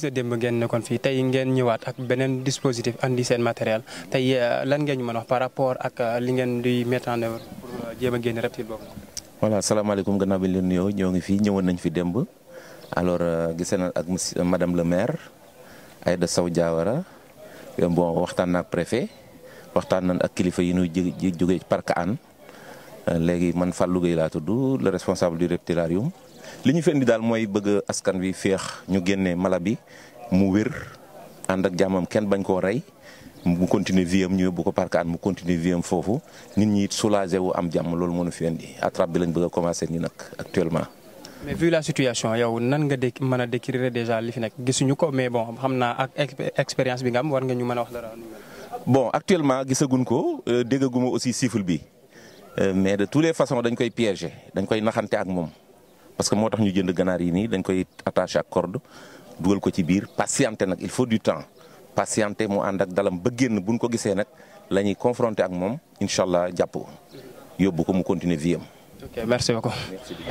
sa démb ngeen nekkoon fii tey ngeen ñëwaat ak beneen dispositif andi seen matériel tey euh, lan ngeen ñu mën wax par rapport ak euh, li ngeen di mettre en œuvre pour euh, jéem a génne reptile boobu. voilà salaamaaleykum gannaaw bi ñu leen nuyoo ñoo ngi fii ñëwoon nañ fi démb alors gisee ak madame le maire Aïda Sow Diawara bon waxtaan na préfet waxtaan nañ ak kilifa yi ñuy jógee parc an léegi man Fallou Gueye laa tudd le responsable du reptilarium. li ñu fi indi daal mooy bëgg askan wi féex ñu génne mala bi mu wér ànd ak jàmmam kenn bañ koo rey mu continuer vie am ñu yóbbu ko parkaan mu continuer vie foofu nit ñi it soulagé am jàmm loolu moo ñu fi di attrape bi lañ bëgg a commencé nii nag actuellement. mais vu la situation yow nan nga dé mën a décrire déjà li fi nekk gisuñu ko mais bon xam naa ak expérience bi nga am war nga ñu man a wax dara. bon actuellement gisaguñ ko euh, déggaguma aussi chiffre bi euh, mais de toutes les façons dañ koy piéger dañ koy naxante ak moom. parce que motax ñu jënd ganar yi ni dañ koy attaché à corde dugal ko ci biir patienter nak il faut du temps patienter mu and ak dalam ba génn buñ ko gisé nak lañuy confronter ak mom inshallah allah yobbu ko ko mu continuer vie am. ok merci beaucoup. Merci.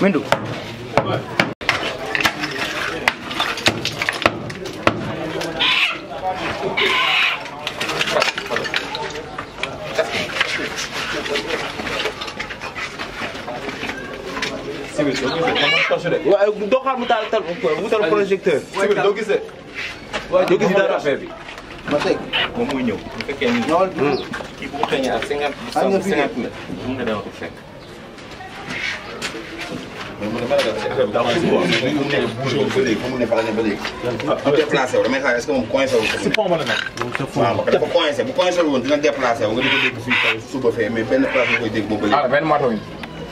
Mindu. Sibir doo gisee. waaye doo xaar mu taal tal mu taal projecteur. Sibir doo gisee. waaye doo gisee dara affaire bi. ma teg moom mooy ñëw bu fekkee ni. ñool kii bu ko xëy na ak cinquante cinquante mille. mun nga demal ko fekk. mu ne bala mu déplacé wu damay xaar est-ce que moom coincé wu. si pont ba la nekk. waaw dafa coincé bu coincé woon dina déplacé wu nga di ko dégg fii kaw suba fee mais benn place nga koy dégg boobu léegi. ah benn mato yi.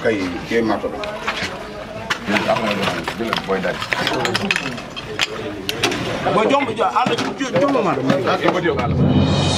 kay kii mato bi. am na booy daj. ba jomb àll jomb ma